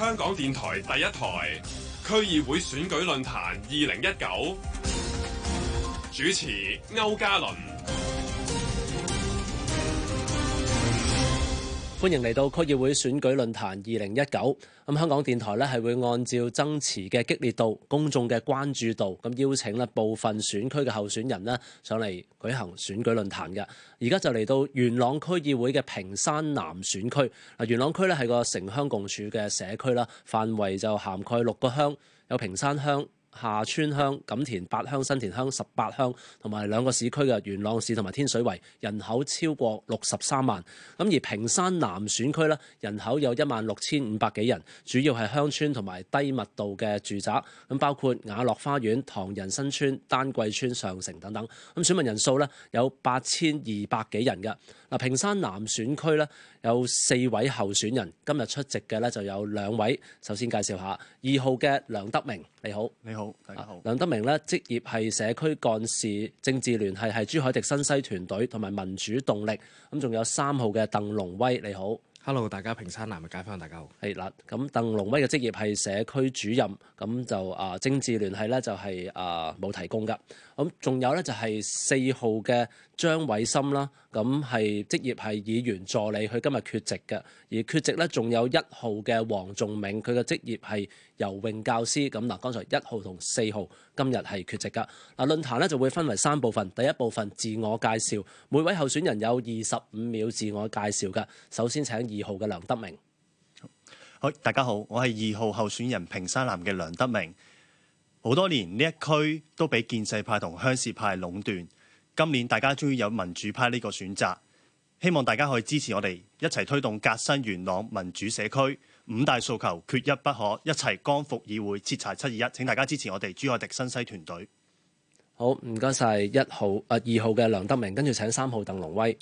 香港電台第一台區議會選舉論壇二零一九，主持歐嘉倫。歡迎嚟到區議會選舉論壇二零一九。咁香港電台咧係會按照爭持嘅激烈度、公眾嘅關注度，咁邀請啦部分選區嘅候選人咧上嚟舉行選舉論壇嘅。而家就嚟到元朗區議會嘅平山南選區。嗱，元朗區咧係個城鄉共處嘅社區啦，範圍就涵蓋六個鄉，有屏山鄉。廈村鄉、錦田八鄉、新田鄉、鄉、十八鄉同埋兩個市區嘅元朗市同埋天水圍，人口超過六十三萬。咁而屏山南選區呢，人口有一萬六千五百幾人，主要係鄉村同埋低密度嘅住宅，咁包括雅樂花園、唐人新村、丹桂村、上城等等。咁選民人數呢，有八千二百幾人嘅。嗱，屏山南選區呢，有四位候選人，今日出席嘅呢，就有兩位。首先介紹下二號嘅梁德明，你好，你好。大家好，梁德明咧，職業係社區幹事，政治聯繫係朱凱廸新西團隊同埋民主動力。咁仲有三號嘅鄧龍威，你好。Hello，大家屏山南嘅街坊，大家好。係嗱，咁鄧龍威嘅職業係社區主任，咁就啊政治聯繫咧就係、是、啊冇提供噶。咁仲有咧就係四號嘅張偉森啦，咁係職業係議員助理，佢今日缺席嘅。而缺席咧仲有一號嘅黃仲明，佢嘅職業係。.游泳教師。咁嗱，剛才一號同四號今日係缺席噶嗱。論壇呢就會分為三部分，第一部分自我介紹，每位候選人有二十五秒自我介紹噶。首先請二號嘅梁德明。好，大家好，我係二號候選人屏山南嘅梁德明。好多年呢一區都俾建制派同鄉事派壟斷，今年大家終於有民主派呢個選擇，希望大家可以支持我哋一齊推動革新元朗民主社區。五大訴求，缺一不可，一齊光復議會，徹查七二一。請大家支持我哋朱凱廸新西團隊。好，唔該晒，一號、啊二號嘅梁德明，跟住請三號鄧龍威。誒、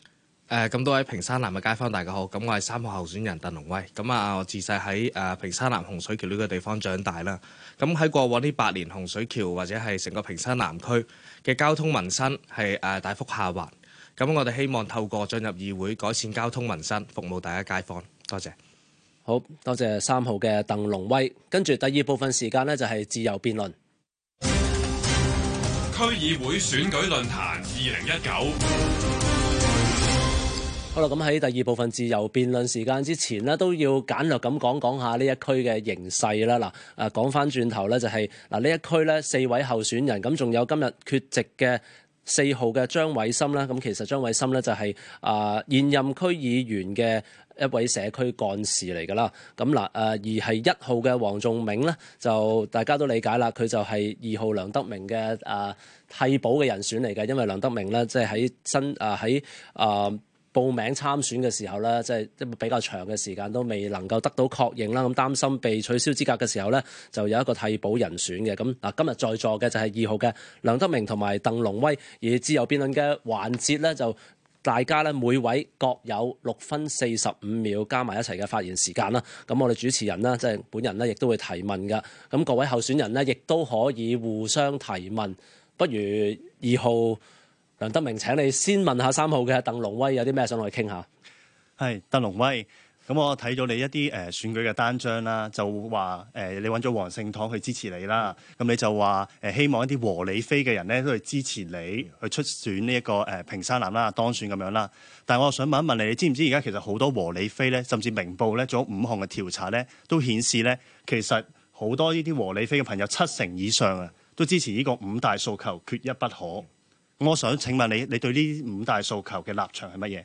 呃，咁多位屏山南嘅街坊，大家好。咁我係三號候選人鄧龍威。咁、呃、啊，我自細喺誒屏山南洪水橋呢個地方長大啦。咁、呃、喺過往呢八年，洪水橋或者係成個屏山南區嘅交通民生係誒、呃、大幅下滑。咁、呃、我哋希望透過進入議會改善交通民生，服務大家街坊。多謝。好多謝三號嘅鄧龍威，跟住第二部分時間呢，就係自由辯論。區議會選舉論壇二零一九。好啦，咁喺第二部分自由辯論時間之前呢，都要簡略咁講講下呢一區嘅形勢啦。嗱、就是，誒，講返轉頭呢就係嗱呢一區呢四位候選人，咁仲有今日缺席嘅四號嘅張偉森啦。咁其實張偉森呢，就係啊現任區議員嘅。一位社區幹事嚟㗎啦，咁嗱誒，而係一號嘅黃仲明咧，就大家都理解啦，佢就係二號梁德明嘅誒替補嘅人選嚟嘅，因為梁德明咧，即係喺新誒喺誒報名參選嘅時候咧，即係比較長嘅時間都未能夠得到確認啦，咁擔心被取消資格嘅時候咧，就有一個替補人選嘅，咁嗱今日在座嘅就係二號嘅梁德明同埋鄧龍威，而自由辯論嘅環節咧就。大家咧每位各有六分四十五秒加埋一齊嘅發言時間啦，咁我哋主持人啦即係本人咧，亦都會提問㗎。咁各位候選人咧，亦都可以互相提問。不如二號梁德明，請你先問下三號嘅鄧龍威有啲咩想同我哋傾下？係鄧龍威。咁我睇到你一啲誒、呃、選舉嘅單張啦，就話誒、呃、你揾咗黃聖堂去支持你啦。咁你就話誒、呃、希望一啲和理非嘅人咧都去支持你去出選呢、這、一個誒、呃、屏山南啦當選咁樣啦。但係我又想問一問你，你知唔知而家其實好多和理非咧，甚至明報咧，做五項嘅調查咧，都顯示咧其實好多呢啲和理非嘅朋友七成以上啊都支持呢個五大訴求，缺一不可。我想請問你，你對呢五大訴求嘅立場係乜嘢？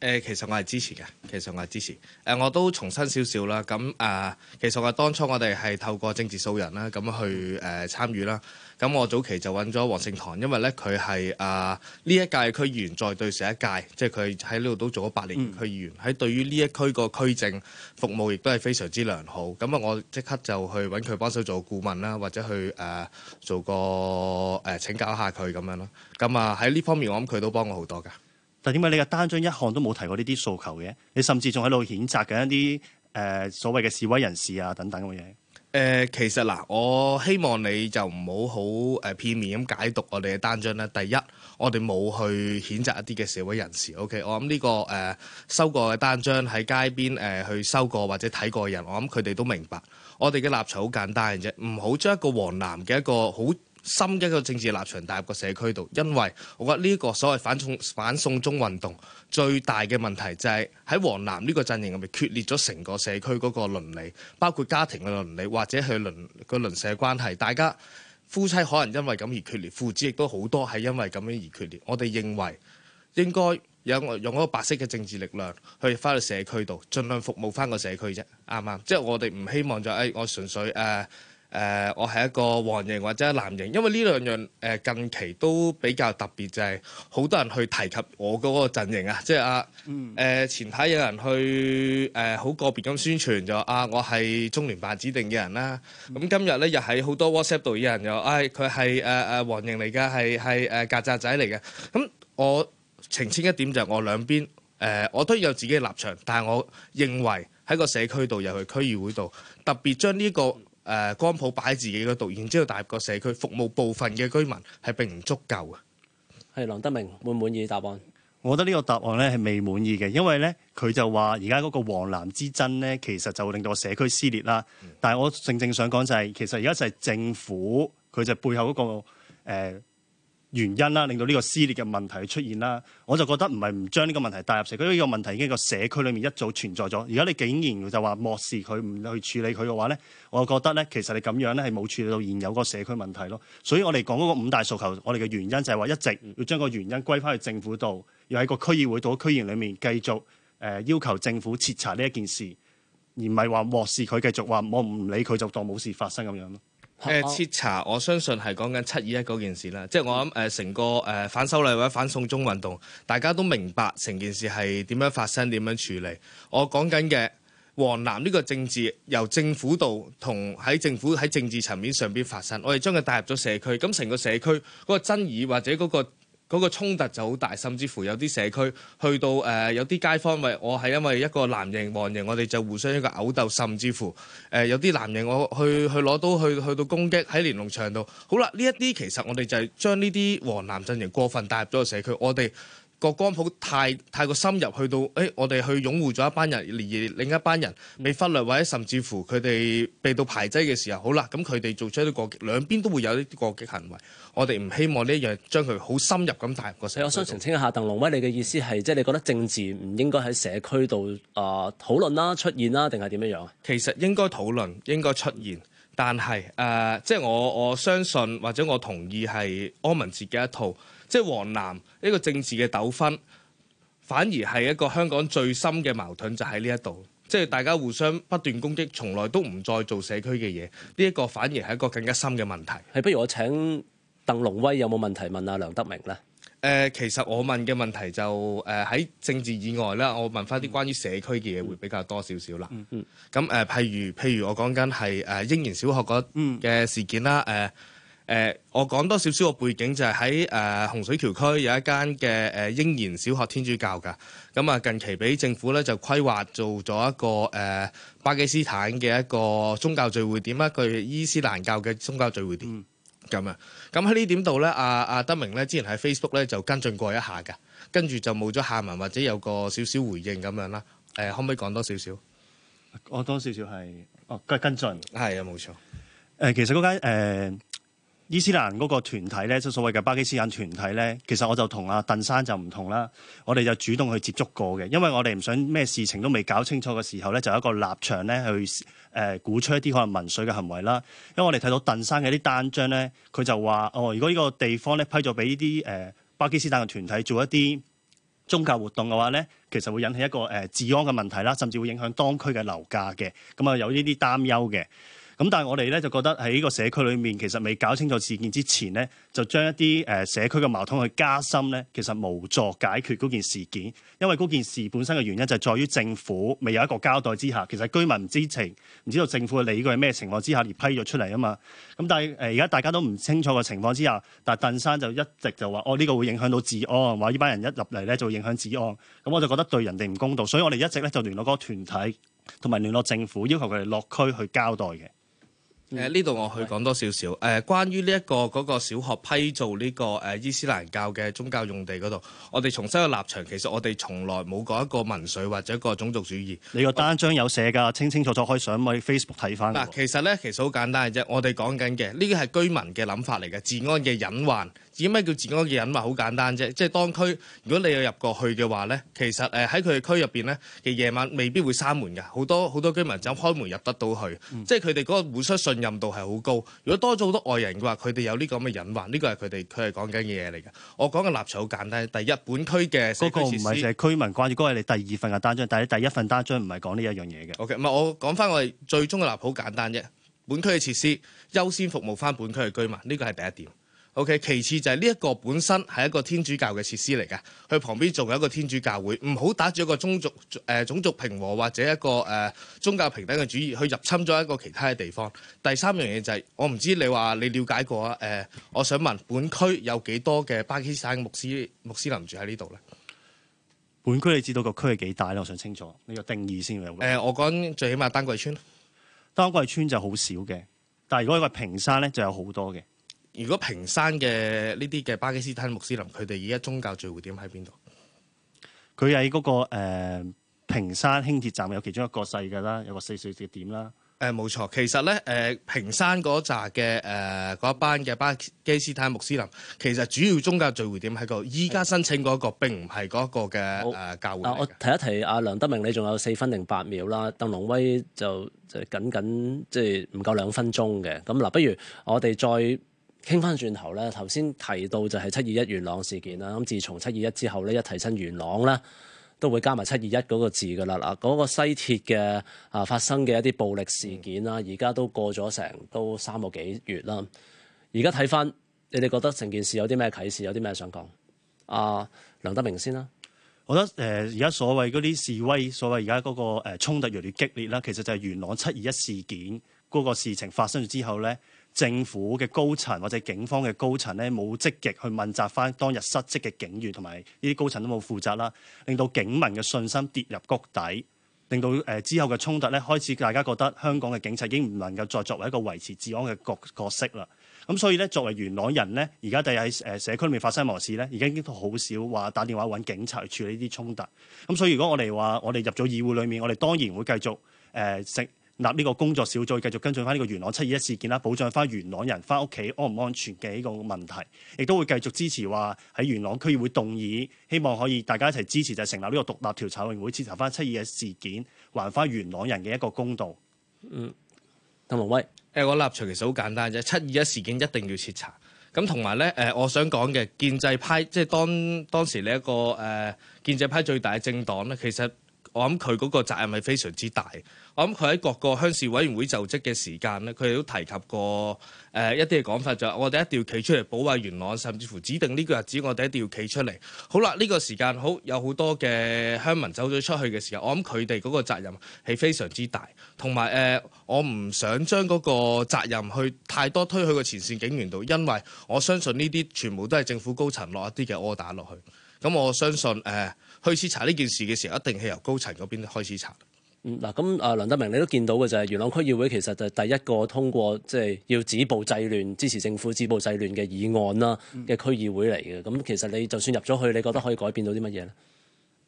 誒其實我係支持嘅，其實我係支持。誒、呃、我都重申少少啦。咁、呃、啊，其實我當初我哋係透過政治素人啦，咁去誒、呃、參與啦。咁我早期就揾咗黃聖堂，因為呢，佢係啊呢一屆區議員再對上一屆，即係佢喺呢度都做咗八年區議員，喺、嗯、對於呢一區個區政服務亦都係非常之良好。咁啊，我即刻就去揾佢幫手做顧問啦，或者去誒、呃、做個誒、呃、請教下佢咁樣咯。咁啊喺呢方面，我諗佢都幫我好多噶。但點解你嘅單張一項都冇提過呢啲訴求嘅？你甚至仲喺度譴責緊一啲誒、呃、所謂嘅示威人士啊等等咁嘅嘢？誒、呃，其實嗱、呃，我希望你就唔好好誒片面咁解讀我哋嘅單張啦。第一，我哋冇去譴責一啲嘅示威人士。OK，我諗呢、個誒、呃、收過嘅單張喺街邊誒、呃、去收過或者睇過嘅人，我諗佢哋都明白。我哋嘅立場好簡單嘅啫，唔好將一個黃藍嘅一個好深一個政治立場帶入個社區度，因為我覺得呢一個所謂反送反送中運動最大嘅問題就係喺黃藍呢個陣營入面決裂咗成個社區嗰個倫理，包括家庭嘅倫理或者係鄰個鄰舍關係，大家夫妻可能因為咁而決裂，父子亦都好多係因為咁樣而決裂。我哋認為應該有用一個白色嘅政治力量去翻去社區度，儘量服務翻個社區啫，啱唔啱？即係我哋唔希望就誒、哎，我純粹誒。呃誒、呃，我係一個黃營或者藍營，因為呢兩樣誒、呃、近期都比較特別，就係、是、好多人去提及我嗰個陣營啊。即係啊誒，呃嗯、前排有人去誒好、呃、個別咁宣傳，就話啊，我係中聯辦指定嘅人啦。咁、嗯、今日咧又喺好多 WhatsApp 度有人又唉，佢係誒誒黃營嚟嘅，係係誒曱甴仔嚟嘅。咁、嗯、我澄清一點就兩邊，就我兩邊誒我都有自己嘅立場，但係我認為喺個社區度又去區議會度特別將呢個。誒光譜擺喺自己嗰度，然之後帶入個社區服務部分嘅居民係並唔足夠嘅。係梁德明滿唔滿意答案？我覺得呢個答案咧係未滿意嘅，因為咧佢就話而家嗰個黃藍之爭咧，其實就會令到個社區撕裂啦。但係我正正想講就係、係，其實而家就係政府佢就背後嗰個、呃原因啦，令到呢個撕裂嘅問題出現啦，我就覺得唔係唔將呢個問題帶入社區，呢個問題已經喺個社區裡面一早存在咗，而家你竟然就話漠視佢，唔去處理佢嘅話呢，我就覺得呢，其實你咁樣呢係冇處理到現有個社區問題咯，所以我哋講嗰個五大訴求，我哋嘅原因就係話一直要將個原因歸翻去政府度，要喺個區議會度、區議裡面繼續誒、呃、要求政府徹查呢一件事，而唔係話漠視佢，繼續話我唔理佢就當冇事發生咁樣咯。誒徹、呃、查，我相信係講緊七二一嗰件事啦。即係我諗誒成個誒、呃、反修例或者反送中運動，大家都明白成件事係點樣發生、點樣處理。我講緊嘅黃藍呢個政治，由政府度同喺政府喺政治層面上面發生，我哋將佢帶入咗社區。咁成個社區嗰個爭議或者嗰、嗰個，嗰個衝突就好大，甚至乎有啲社區去到誒、呃、有啲街坊，為我係因為一個藍營黃營，我哋就互相一個毆鬥，甚至乎誒、呃、有啲藍營，我去去攞刀去去到攻擊喺連儂牆度。好啦，呢一啲其實我哋就係將呢啲黃藍陣營過分帶入咗個社區，我哋。個光譜太太過深入，去到誒、哎，我哋去擁護咗一班人，而另一班人未忽略，或者甚至乎佢哋被到排擠嘅時候，好啦，咁佢哋做出一啲過激，兩邊都會有一啲過激行為。我哋唔希望呢一樣將佢好深入咁帶入個社會。我想澄清一下，鄧龍威，你嘅意思係即係你覺得政治唔應該喺社區度啊討論啦、出現啦，定係點樣樣啊？其實應該討論、應該出現，但係誒、呃，即係我我相信或者我同意係安文自己一套。即係黃藍，呢個政治嘅糾紛，反而係一個香港最深嘅矛盾，就喺呢一度。即係大家互相不斷攻擊，從來都唔再做社區嘅嘢。呢、這、一個反而係一個更加深嘅問題。係，不如我請鄧龍威有冇問題問啊梁德明咧？誒、呃，其實我問嘅問題就誒喺、呃、政治以外啦，我問翻啲關於社區嘅嘢會比較多少少啦。嗯，咁誒、呃，譬如譬如我講緊係誒英賢小學嗰嘅事件啦，誒、嗯。嗯誒、呃，我講多少少個背景就係喺誒洪水橋區有一間嘅誒英賢小學天主教噶，咁、嗯、啊近期俾政府咧就規劃做咗一個誒、呃、巴基斯坦嘅一個宗教聚會點，一個伊斯蘭教嘅宗教聚會點咁、嗯、啊，咁喺呢點度咧，阿阿德明咧之前喺 Facebook 咧就跟進過一下嘅，跟住就冇咗下文或者有個少少回應咁樣啦。誒、嗯，可唔可以講多少少？講多少少係哦，跟跟進係啊，冇錯。誒，其實嗰間、呃伊斯蘭嗰個團體咧，即所謂嘅巴基斯坦團體咧，其實我就同阿鄧生就唔同啦。我哋就主動去接觸過嘅，因為我哋唔想咩事情都未搞清楚嘅時候咧，就有一個立場咧去誒、呃、鼓吹一啲可能民粹嘅行為啦。因為我哋睇到鄧生嘅啲單張咧，佢就話哦，如果呢個地方咧批咗俾呢啲誒巴基斯坦嘅團體做一啲宗教活動嘅話咧，其實會引起一個誒治安嘅問題啦，甚至會影響當區嘅樓價嘅，咁啊有呢啲擔憂嘅。咁但係我哋咧就覺得喺呢個社區裏面，其實未搞清楚事件之前咧，就將一啲誒社區嘅矛盾去加深咧，其實無助解決嗰件事件，因為嗰件事本身嘅原因就係在於政府未有一個交代之下，其實居民唔知情，唔知道政府嘅理據係咩情況之下而批咗出嚟啊嘛。咁但係誒而家大家都唔清楚嘅情況之下，但係鄧生就一直就話：哦，呢個會影響到治安，話呢班人一入嚟咧就影響治安。咁我就覺得對人哋唔公道，所以我哋一直咧就聯絡嗰個團體同埋聯絡政府，要求佢哋落區去交代嘅。誒呢度我去講多少少誒，關於呢一個嗰個小學批做呢個誒伊斯蘭教嘅宗教用地嗰度，我哋重新嘅立場，其實我哋從來冇講一個民粹或者一個種族主義。你個單張有寫㗎，我清清楚楚可以上咪 Facebook 睇翻、那個。嗱，其實咧其實好簡單嘅啫，我哋講緊嘅呢個係居民嘅諗法嚟嘅，治安嘅隱患。點解叫治安嘅隱患？好簡單啫，即係當區如果你有入過去嘅話咧，其實誒喺佢嘅區入邊咧嘅夜晚未必會閂門嘅，好多好多居民就開門入得到去，嗯、即係佢哋嗰個互相信任度係好高。如果多咗好多外人嘅話，佢哋有呢個咁嘅隱患，呢個係佢哋佢係講緊嘅嘢嚟嘅。我講嘅立場好簡單，第一，本區嘅嗰個唔係就係區民關注，嗰、那、係、個、你第二份嘅單張，但係第一份單張唔係講呢一樣嘢嘅。OK，唔係我講翻我哋最終嘅立場好簡單啫，本區嘅設施優先服務翻本區嘅居民，呢個係第一點。OK，其次就係呢一個本身係一個天主教嘅設施嚟嘅，佢旁邊仲有一個天主教會，唔好打住一個種族誒、呃、種族平和或者一個誒、呃、宗教平等嘅主義，去入侵咗一個其他嘅地方。第三樣嘢就係、是，我唔知你話你了解過啊誒、呃，我想問本區有幾多嘅巴基斯坦嘅穆斯穆斯林住喺呢度咧？本區你知道個區係幾大咧？我想清楚呢個定義先。誒、呃，我講最起碼丹桂村，丹桂村就好少嘅，但係如果喺屏山咧，就有好多嘅。如果屏山嘅呢啲嘅巴基斯坦穆斯林，佢哋而家宗教聚會點喺邊度？佢喺嗰個誒、呃、屏山輕鐵站有其中一個細嘅啦，有個四細節點啦。誒、呃，冇錯，其實咧誒、呃、屏山嗰扎嘅誒嗰班嘅巴基斯坦穆斯林，其實主要宗教聚會點喺個依家申請嗰個並唔係嗰個嘅誒教會我。我提一提阿梁德明你，你仲有四分零八秒啦，鄧龍威就就僅僅即係唔夠兩分鐘嘅。咁嗱，不如我哋再。傾翻轉頭咧，頭先提到就係七二一元朗事件啦。咁自從七二一之後咧，一提親元朗咧，都會加埋七二一嗰個字噶啦。嗱，嗰個西鐵嘅啊發生嘅一啲暴力事件啦，而家都過咗成都三個幾月啦。而家睇翻，你哋覺得成件事有啲咩啟示？有啲咩想講？啊，梁德明先啦。我覺得誒，而家所謂嗰啲示威，所謂而家嗰個誒衝突越嚟越激烈啦，其實就係元朗七二一事件嗰個事情發生咗之後咧。政府嘅高層或者警方嘅高層呢，冇積極去問責翻當日失職嘅警員，同埋呢啲高層都冇負責啦，令到警民嘅信心跌入谷底，令到誒之後嘅衝突呢，開始大家覺得香港嘅警察已經唔能夠再作為一個維持治安嘅角角色啦。咁所以呢，作為元朗人呢，而家第日喺誒社區裏面發生任何事呢，而家已經好少話打電話揾警察去處理呢啲衝突。咁所以如果我哋話我哋入咗議會裏面，我哋當然會繼續誒、呃立呢個工作小組，繼續跟進翻呢個元朗七二一事件啦，保障翻元朗人翻屋企安唔安全嘅呢個問題，亦都會繼續支持話喺元朗區議會動議，希望可以大家一齊支持就係成立呢個獨立調查委員會，徹查翻七二一事件，還翻元朗人嘅一個公道。嗯，鄧文威，誒、呃、我立場其實好簡單啫，七二一事件一定要徹查。咁同埋咧，誒、呃、我想講嘅建制派，即係當當時你、這、一個誒、呃、建制派最大嘅政黨咧，其實。我諗佢嗰個責任係非常之大。我諗佢喺各個鄉事委員會就職嘅時間咧，佢哋都提及過誒、呃、一啲嘅講法，就係我哋一定要企出嚟保衛元朗，甚至乎指定呢個日子，我哋一定要企出嚟。好啦，呢、這個時間好有好多嘅鄉民走咗出去嘅時候，我諗佢哋嗰個責任係非常之大。同埋誒，我唔想將嗰個責任去太多推去個前線警員度，因為我相信呢啲全部都係政府高層落一啲嘅 order 落去。咁我相信誒。呃開始查呢件事嘅時候，一定係由高層嗰邊開始查。嗯，嗱，咁、呃、啊，梁德明，你都見到嘅就係元朗區議會，其實就係第一個通過即係、就是、要止暴制亂、支持政府止暴制亂嘅議案啦嘅區議會嚟嘅。咁、嗯嗯嗯、其實你就算入咗去，你覺得可以改變到啲乜嘢咧？誒、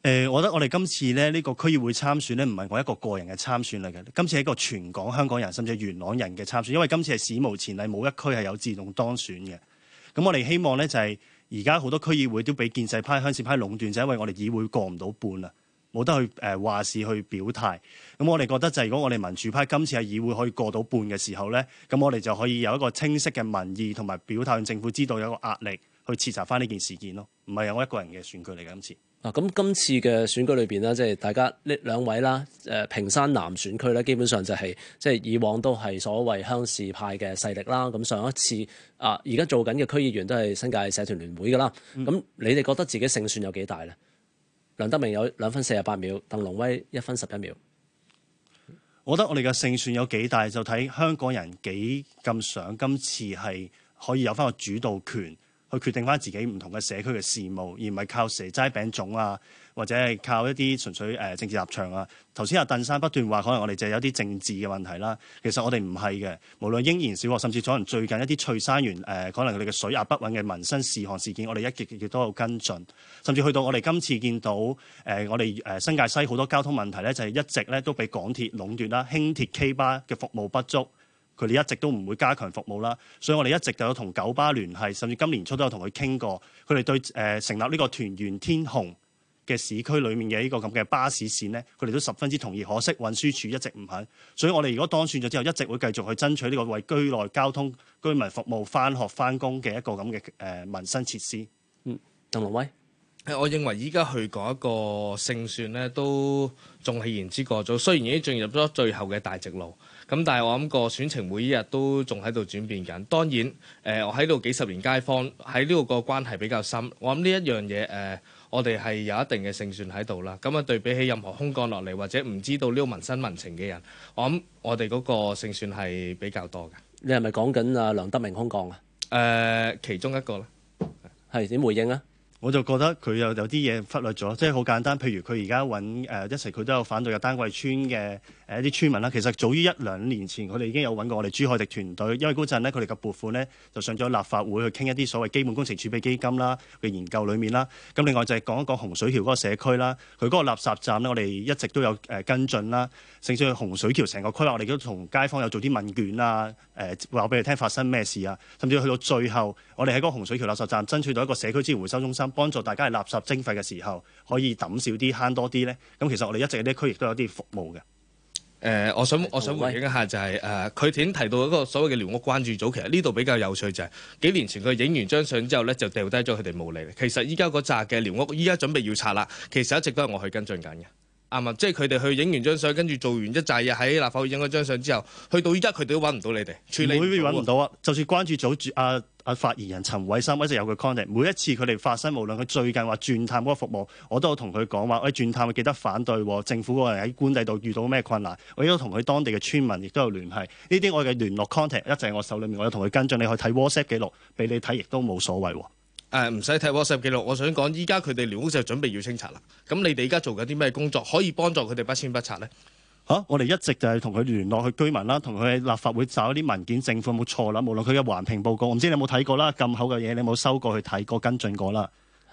呃，我覺得我哋今次咧呢、呢個區議會參選咧，唔係我一個個人嘅參選嚟嘅。今次係一個全港香港人，甚至元朗人嘅參選，因為今次係史無前例，冇一區係有自動當選嘅。咁我哋希望咧就係、是。而家好多區議會都俾建制派、鄉事派壟斷，就是、因為我哋議會過唔到半啊，冇得去誒、呃、話事去表態。咁我哋覺得就係、是、如果我哋民主派今次喺議會可以過到半嘅時候咧，咁我哋就可以有一個清晰嘅民意同埋表態，讓政府知道有一個壓力去徹查翻呢件事件咯。唔係有我一個人嘅選舉嚟嘅今次。嗱，咁今次嘅選舉裏邊咧，即係大家呢兩位啦，誒平山南選區咧，基本上就係、是、即係以往都係所謂鄉事派嘅勢力啦。咁上一次啊，而家做緊嘅區議員都係新界社團聯會噶啦。咁、嗯、你哋覺得自己勝算有幾大呢？梁德明有兩分四十八秒，鄧龍威一分十一秒。我覺得我哋嘅勝算有幾大，就睇香港人幾咁想今次係可以有返個主導權，去決定翻自己唔同嘅社區嘅事務，而唔係靠蛇齋餅粽啊，或者係靠一啲純粹誒政治立場啊。頭先阿鄧生不斷話，可能我哋就有啲政治嘅問題啦。其實我哋唔係嘅，無論英言小學，甚至可能最近一啲翠山園誒、呃，可能佢哋嘅水壓不穩嘅民生事項事件，我哋一頁頁都去跟進，甚至去到我哋今次見到誒、呃、我哋誒新界西好多交通問題咧，就係一直咧都俾港鐵壟斷啦、輕鐵 K 巴嘅服務不足。佢哋一直都唔會加強服務啦，所以我哋一直都有同九巴聯繫，甚至今年初都有同佢傾過。佢哋對誒、呃、成立呢個團圓天虹嘅市區裏面嘅呢個咁嘅巴士線呢，佢哋都十分之同意。可惜運輸署一直唔肯，所以我哋如果當選咗之後，一直會繼續去爭取呢個為居內交通居民服務、翻學翻工嘅一個咁嘅誒民生設施。嗯，鄧龍威，我認為依家去講一個勝算呢，都仲係言之過早。雖然已經進入咗最後嘅大直路。咁但係我諗個選情每一日都仲喺度轉變緊。當然，誒我喺度幾十年街坊，喺呢個個關係比較深。我諗呢一樣嘢，誒我哋係有一定嘅勝算喺度啦。咁啊對比起任何空降落嚟或者唔知道呢個民生民情嘅人，我諗我哋嗰個勝算係比較多嘅。你係咪講緊啊梁德明空降啊？誒，其中一個啦，係點回應啊？我就覺得佢有有啲嘢忽略咗，即係好簡單。譬如佢而家揾誒一齊，佢都有反對嘅丹桂村嘅誒一啲村民啦。其實早於一兩年前，佢哋已經有揾過我哋珠海的團隊，因為嗰陣呢，佢哋嘅撥款呢，就上咗立法會去傾一啲所謂基本工程儲備基金啦嘅研究裡面啦。咁另外就係講一講洪水橋嗰個社區啦，佢嗰個垃圾站呢，我哋一直都有誒跟進啦。甚至去洪水橋成個區，我哋都同街坊有做啲問卷啊，誒話俾你聽發生咩事啊。甚至去到最後，我哋喺嗰個洪水橋垃圾站爭取到一個社區資源回收中心。幫助大家係垃圾徵費嘅時候，可以抌少啲，慳多啲咧。咁其實我哋一直喺呢區亦都有啲服務嘅。誒、呃，我想、嗯、我想回應一下就係、是、誒，佢頭先提到一個所謂嘅寮屋關注組，其實呢度比較有趣就係、是、幾年前佢影完張相之後咧，就掉低咗佢哋無理。其實依家嗰扎嘅寮屋，依家準備要拆啦。其實一直都係我去跟進緊嘅。嗯、即係佢哋去影完張相，跟住做完一陣嘢喺立法會影咗張相之後，去到依家佢哋都揾唔到你哋，處理唔會揾唔到啊！就算關注組主啊啊發言人陳偉生一直有個 contact，每一次佢哋發生無論佢最近話轉探嗰個服務，我都會同佢講話喂轉探會記得反對、哦、政府嗰個人喺官邸度遇到咩困難，我亦都同佢當地嘅村民亦都有聯繫，呢啲我嘅聯絡 contact 一直喺我手裏面，我有同佢跟進，你去睇 WhatsApp 記錄俾你睇，亦都冇所謂喎。哦。誒唔使睇、啊、WhatsApp 記錄，我想講依家佢哋廉屋就準備要清拆啦。咁你哋而家做緊啲咩工作，可以幫助佢哋不遷不拆呢？嚇、啊！我哋一直就係同佢聯絡，去居民啦，同佢喺立法會找啲文件，政府有冇錯啦？無論佢嘅環評報告，我唔知你有冇睇過啦，咁厚嘅嘢你有冇收過去睇過跟進過啦。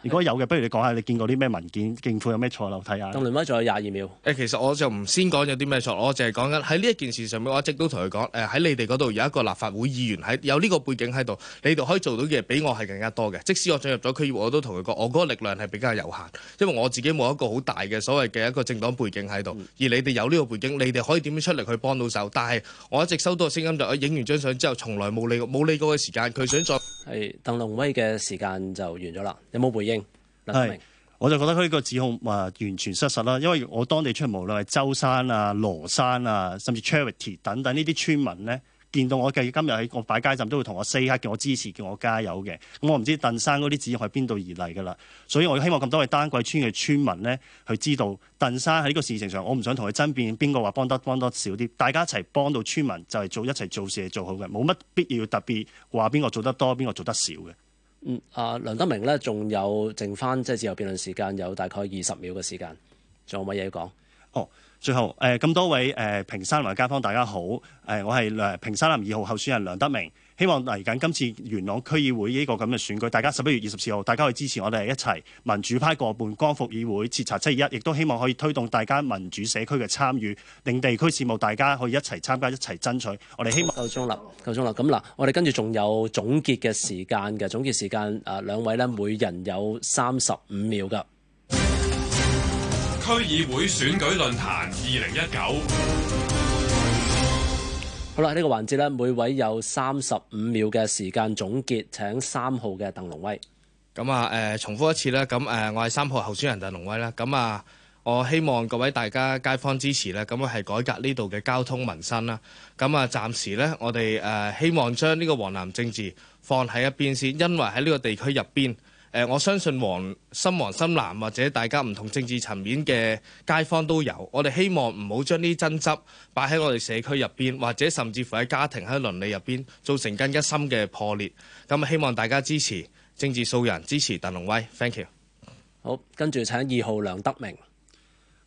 如果有嘅，不如你講下你見過啲咩文件、政府有咩錯漏，睇下。鄧龍威仲有廿二秒。誒，其實我就唔先講有啲咩錯，我淨係講緊喺呢一件事上面，我一直都同佢講誒，喺、呃、你哋嗰度有一個立法會議員喺，有呢個背景喺度，你哋可以做到嘅比我係更加多嘅。即使我進入咗區議會，我都同佢講，我嗰個力量係比較有限，因為我自己冇一個好大嘅所謂嘅一個政黨背景喺度。嗯、而你哋有呢個背景，你哋可以點樣出嚟去幫到手？但係我一直收到聲音就影完張相之後，從來冇理過，冇理過嘅時間，佢想再。係鄧龍威嘅時間就完咗啦。有冇回應？係，我就覺得佢呢個指控啊、呃、完全失實啦。因為我當地出無論係舟山啊、羅山啊，甚至 Charity 等等呢啲村民咧，見到我計今日喺我擺街站都會同我 say 下，叫我支持，叫我加油嘅。咁、嗯、我唔知鄧生嗰啲指控係邊度而嚟噶啦。所以我希望咁多位丹桂村嘅村民咧，去知道鄧生喺呢個事情上，我唔想同佢爭辯邊個話幫得幫多少啲，大家一齊幫到村民就係、是、做一齊做事係做好嘅，冇乜必要特別話邊個做得多，邊個做得少嘅。嗯，啊，梁德明咧，仲有剩返即係自由辯論時間，有大概二十秒嘅時間，仲有乜嘢講？哦。最後，誒、呃、咁多位誒、呃、屏山南街坊，大家好，誒我係誒、呃、屏山南二號候選人梁德明，希望嚟緊今次元朗區議會呢個咁嘅選舉，大家十一月二十四號，大家可以支持我哋一齊民主派過半，光復議會，徹查七月一，亦都希望可以推動大家民主社區嘅參與，令地區事務大家可以一齊參加，一齊爭取。我哋希望夠鐘啦，夠鐘啦。咁嗱，我哋跟住仲有總結嘅時間嘅總結時間，誒、呃、兩位呢，每人有三十五秒㗎。區議會選舉論壇二零一九。好啦，呢、這個環節呢，每位有三十五秒嘅時間總結，請三號嘅鄧龍威。咁啊，誒、呃，重複一次啦，咁誒、呃，我係三號候選人鄧龍威啦。咁啊、呃，我希望各位大家街坊支持咧，咁啊係改革呢度嘅交通民生啦。咁啊，暫時呢，我哋誒、呃、希望將呢個黃藍政治放喺一邊先，因為喺呢個地區入邊。誒，我相信黃深黃深藍或者大家唔同政治層面嘅街坊都有，我哋希望唔好將啲爭執擺喺我哋社區入邊，或者甚至乎喺家庭、喺倫理入邊造成更加深嘅破裂。咁希望大家支持政治素人，支持鄧龍威。Thank you。好，跟住請二號梁德明。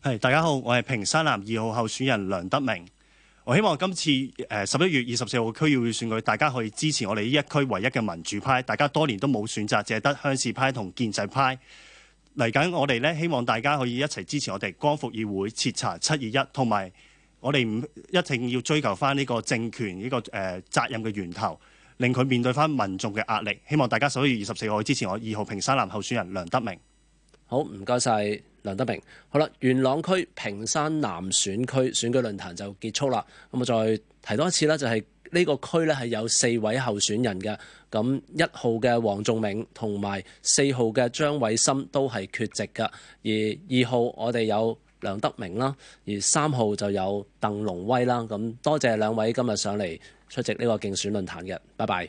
係，大家好，我係屏山南二號候選人梁德明。我希望今次誒十一月二十四號區議會選舉，大家可以支持我哋呢一區唯一嘅民主派。大家多年都冇選擇，就係得鄉事派同建制派嚟緊。我哋呢，希望大家可以一齊支持我哋光復議會徹查七二一，同埋我哋唔一定要追求翻呢個政權呢、呢個誒、呃、責任嘅源頭，令佢面對翻民眾嘅壓力。希望大家十一月二十四號支持我二號屏山南候選人梁德明。好，唔該晒。梁德明，好啦，元朗區屏山南選區選舉論壇就結束啦。咁我再提多一次啦，就係、是、呢個區咧係有四位候選人嘅。咁一號嘅黃仲明同埋四號嘅張偉森都係缺席㗎。而二號我哋有梁德明啦，而三號就有鄧龍威啦。咁多謝兩位今日上嚟出席呢個競選論壇嘅，拜拜。